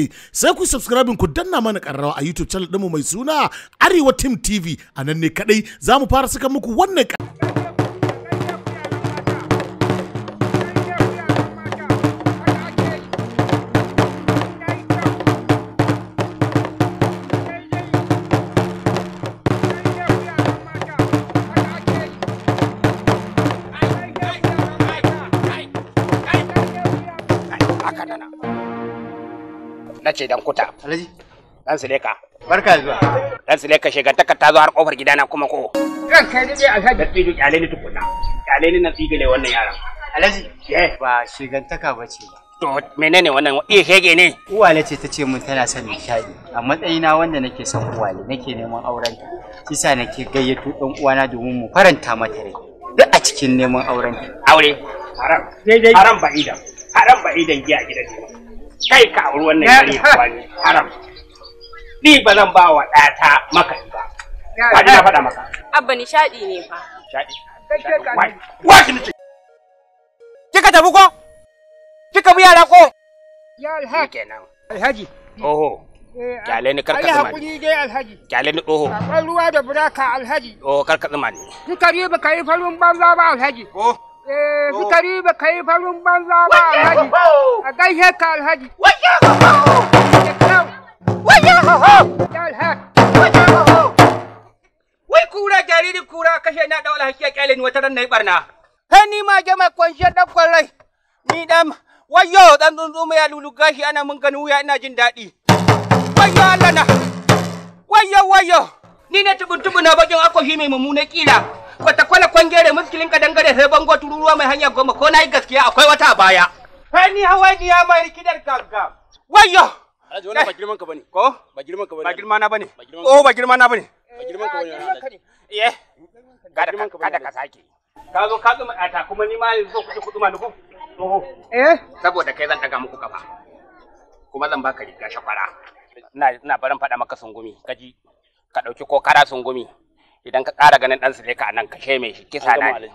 Eh, sai ku subscribe ku danna mana karrawa a YouTube channel ɗinmu mai suna Arewa Team TV a nan ne kadai za mu fara saka muku wannan na ce dan kuta alhaji dan sileka barka zuwa dan shiga shegantakar ta zo har kofar gidana kuma ko kan kai ne a ga dattijo kyale ni tukuna kyale ni na tsigile wannan yaran alhaji eh ba shegantaka ba ce ba To menene wannan iya shege ne? Uwale ce ta ce mun tana son nishaɗi. A matsayina wanda nake son uwale nake neman auren ta. Kisa nake gayyato ɗan uwana domin mu faranta mata rai. Duk a cikin neman auren ta. Aure. Haram. Daidai. Haram ba idan. Haram ba idan giya gidan ne. kai ka aure wannan yare kuwa haram ni ba zan ba wa ɗata maka ba ka ji na faɗa maka abba nishaɗi ne fa nishaɗi wasu ni kika tafi ko kika bi yara ko ya alhaji kenan alhaji oho eh, kyale ni karka zama ne dai alhaji kyale ni oho akwai ruwa da buraka alhaji oho karka zama ne kika riba kai farin banza ba alhaji oh Eh, fitari oh. ka yi farin banza ba alhaji. A gaishe ka alhaji. Wajen hoho! Wajen hoho! Wajen hoho! Wai kura jariri kura kashe na daula hakiya kyale ni wata ran na yi barna. Kai ni ma jama kwanshe da kwarai. Ni dan wayo dan tsuntsu mai lulu gashi ana mun gani wuya ina jin daɗi. Wayo Allah na. Wayo wayo. Ni ne tubun tubun na bakin akoshi mai mummunan kila. Kwata bangare muskilin ka dangare sai bango tururuwa mai hanya goma ko nayi gaskiya akwai wata baya kai ni hawa ni ya mai rikidar gaggam wayyo Alhaji wannan ba eh. girman ka bane ko ba girman ka bane ba girma na bane oh ba girma na bane ba girman ka bane eh kada ka kada ka sake ka zo ka tsuma ta kuma ni ma yanzu kuce kuduma nuku eh saboda kai zan daga muku kafa kuma zan baka riga shafara ina ina baran faɗa maka sungumi kaji ka ɗauki ko kara sungumi idan ka ƙara ganin ɗansa sai ka nan ka sheme shi kisa na ne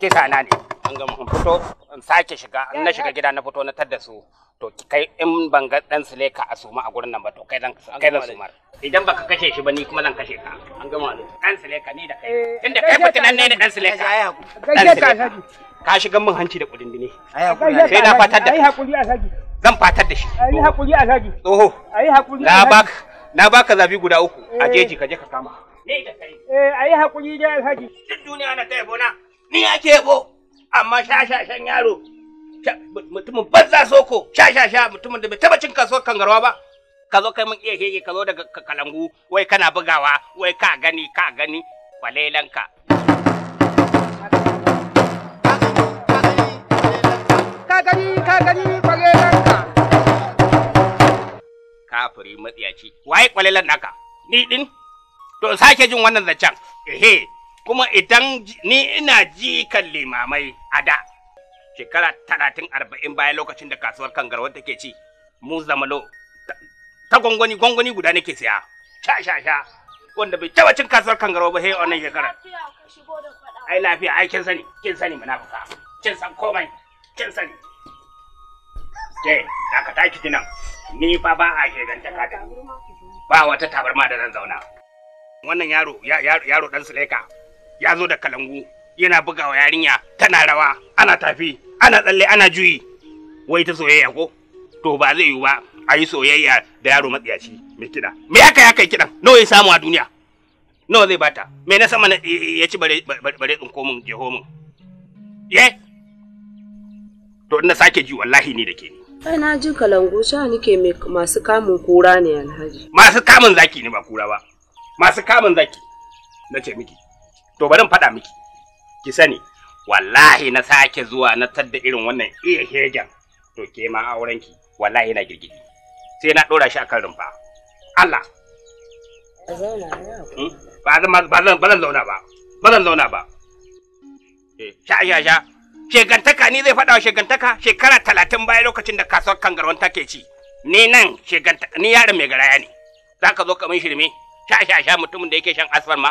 kisa na ne an gama in fito in sake shiga in na shiga gida na fito na tadda su to kai in ban ga ɗan su leka a suma a gurin nan ba to kai zan kai zan sumar idan baka kashe shi ba ni kuma zan kashe ka an gama ne ɗan su leka ni da kai eh, tunda kai fitinan ne da ɗan su leka ɗan su leka ka shiga min hanci da kudindine sai na fatar da zan fatar da shi ayi hakuri alhaji tsoho ayi hakuri na baka na baka zabi guda uku a eh. jeji ka je ka kama ne da kai eh yi hakuri da alhaji duk duniya na kai bona ni ake yabo amma shashashan yaro mutumin banza soko shashasha mutumin da bai taɓa cin kaso kangarwa ba ka zo kai mun iya shege ka zo daga kalangu wai kana bugawa wai ka gani ka gani kwalelanka ka gani ka gani kwalelanka kafiri matsiyaci waye kwalelan naka ni din to sake jin wannan zancen ehe kuma idan ni ina ji kan limamai a da shekara talatin arba'in bayan lokacin da kasuwar kan kangarwar take ci mu zamalo ta gwangwani gwangwani guda nake siya sha sha sha wanda bai taba cin kasuwar kan kangarwa ba sai wannan shekara ai lafiya ai kin sani kin sani mana munafuka kin san komai kin sani ke da ka taki nan ni fa ba a shegan ta ka ba wata tabarma da zan zauna wannan yaro yaro dan suleka ya zo da kalangu yana bugawa yarinya tana rawa ana tafi ana tsalle ana juyi wai ta soyayya ko to ba zai yiwu ba a yi soyayya da yaro matsiyaci mai kiɗa me ya kai kai kiɗan nawa ya samu a duniya nawa zai bata me na sama ya ci bare bare tsinko min jeho min ye eh? to ina sake ji wallahi ni da ke ni na ji kalangu sha nike masu kamun kura ne alhaji masu kamun zaki ne ba kura ba masu kamun zaki na ce miki to bari faɗa miki ki sani wallahi na sake zuwa na tadda irin wannan iya hegen to ke ma aurenki wallahi yana girgidi sai na ɗora shi akan rumfa Allah hmm? ba zan ba zan zauna ba ba zan zauna ba eh, sha sha sha shegantaka ni zai faɗa wa shegantaka shekara talatin baya lokacin da kasuwar kangarwan take ci ni nan shegantaka ni yaron mai garaya ne za ka zo ka min shirme sha sha sha mutumin da yake shan asfar ma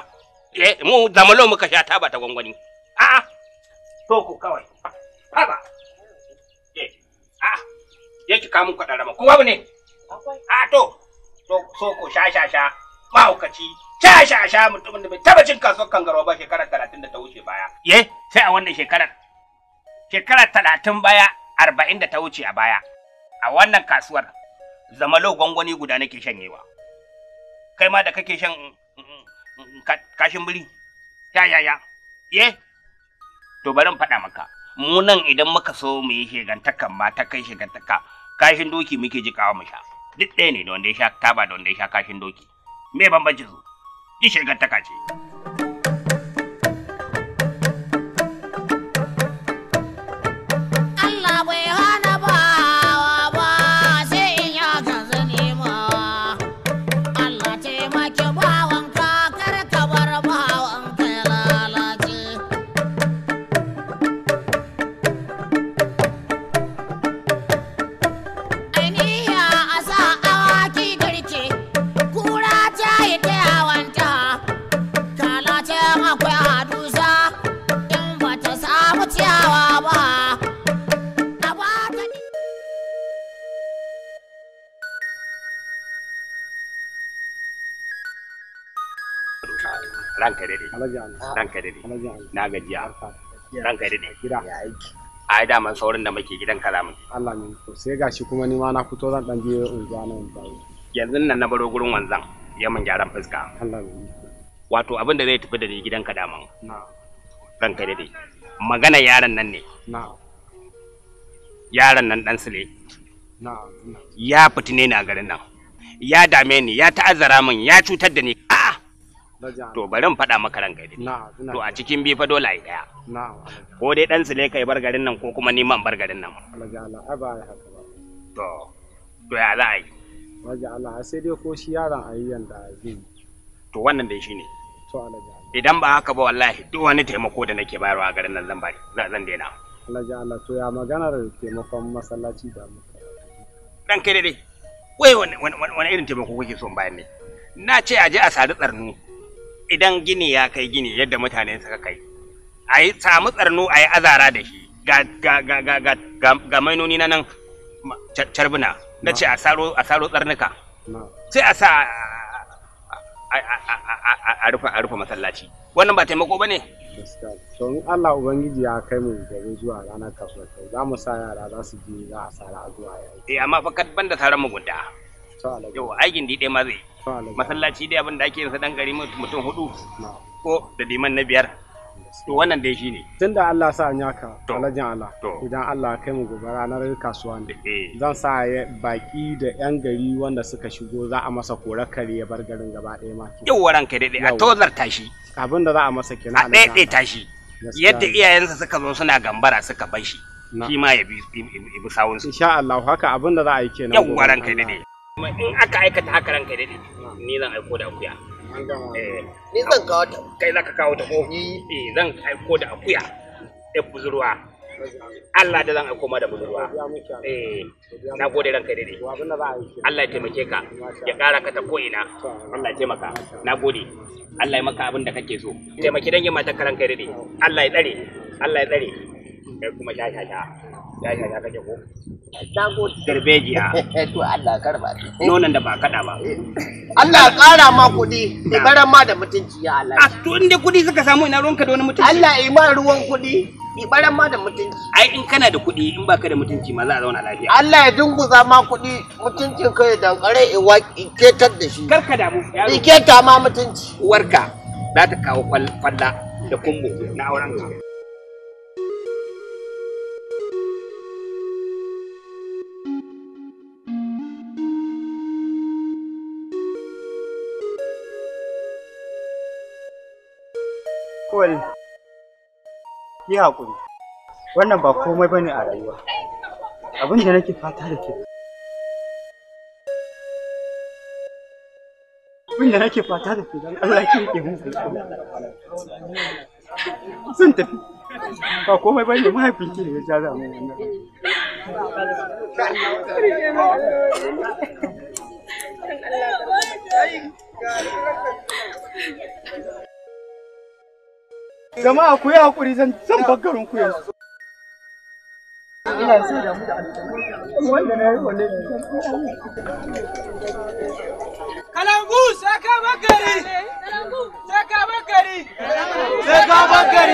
eh mu zamalo muka sha taba ta gwangwani a'a to ku kawai haba eh a'a yake ka mun kwadan rama kuma ne a to to so ko sha sha sha mahaukaci sha sha sha mutumin da bai taba cin kasuwar kangarwa ba shekara talatin da ta wuce baya ye sai a wannan shekarar shekara talatin baya arba'in da ta wuce a baya a wannan kasuwar zamalo gwangwani guda nake shanyewa kai ma da kake shan mm, mm, mm, kashin biri ya ya ya ye to bari faɗa maka mu nan idan muka so mu yi shigantakan ma ta kai shigantaka kashin doki muke jikawa mu sha duk ɗaya ne da wanda sha taba da wanda ya sha kashin doki me bambanci su yi shigantaka ce ranka dade na gajiya ranka dade gida ya aiki daman saurin da muke gidan kaza muke Allah ne to sai gashi kuma ni ma na fito zan dan je unguwa nan yanzu nan na baro gurin wanzan ya mun gyaran fuska Allah ne wato abin da zai tafi da ni gidan ka daman ranka dade magana yaron nan ne yaron nan dan sule ya fitine ni a garin nan ya dame ni ya ta'azzara min ya cutar da ni to bari in faɗa maka ranka dai to a cikin bi fa dole ai daya ko dai dan ne kai bar garin nan ko kuma ni man bar garin nan to to ya za a yi Allah sai dai ko shi yaron a yi yanda zai to wannan dai shine to idan ba haka ba wallahi duk wani taimako da nake bayarwa a garin nan zan bari zan daina Alhaji Allah to ya maganar taimakon masallaci da muka dan kai dai wai wani irin taimako kuke so bayan ne na ce a je a sadu tsarnu idan gini ya kai gini yadda mutane suka kai a yi samu tsarno a yi azara da shi ga mainoni na nan carbuna na ce a saro tsarnuka sai a sa a rufe masallaci wannan ba taimako ba ne to in Allah Ubangiji ya kai mu gari zuwa ranar kasuwa kai za mu sa yara za su je za a sara zuwa yau eh amma fa kad banda taron mugunta to aikin dai ma zai masallaci dai abin da ake yansa dan gari mutum hudu ko da liman na biyar to wannan dai shine tun da Allah sa an ka alajin Allah idan Allah kai mu gobe ranar kasuwa ne eh. zan sa baki da yan gari wanda suka shigo za a masa korar kare ya bar garin gaba ɗaya ma yawa ranka dai a tozar tashi abin da za a masa kenan a dai tashi yadda iyayensa suka zo suna gambara suka bar shi shi ma ya bi sawunsu insha Allah haka abin da za a yi kenan yawa ranka dai kuma in aka aikata haka ranka daɗi, ni zan aiko da akuya eh. ni zan kawo ta kai zaka kawo ta ko eh. eh zan aiko da akuya da buzurwa Allah da zan aiko ma da buzurwa Eh, na gode ranka daɗi, Allah ya taimake ka, ya ƙara ka ta ko'ina. Allah ya taimaka, na gode. Allah ya maka abin da kake so. Taimaki dangin matar ka ranka daidai. Allah ya tsare, Allah ya tsare. Kai kuma sha sha sha. ya ya ya ko dago garbejiya to Allah karba nonon da ba kada ba Allah kara ma kudi da garan ma da mutunci ya Allah a to inda kudi suka samu ina ruwanka da wani mutunci Allah yi ma ruwan kudi ibaran ma da mutunci ai in kana da kuɗi in baka da mutunci ma za a zauna lafiya Allah ya dunguza ma kuɗi mutuncin kai da kare iwa ketar da shi karka damu yaro keta ma mutunci Warka za ta kawo kwalla da kumbu na aurenka. kawai ki haƙuri wannan ba komai bane a rayuwa abin da nake fata da ke abin da nake fata da ke don Allah ki rike mun sun tafi ba komai bane mahaifin ki ne ya ja zamu wannan Allah jama'a ku yi hakuri zan zan baggarin ku yanzu ina so da mu wanda na yi wanda kalangu sai ka bakari kalangu sai ka bakari sai ka bakari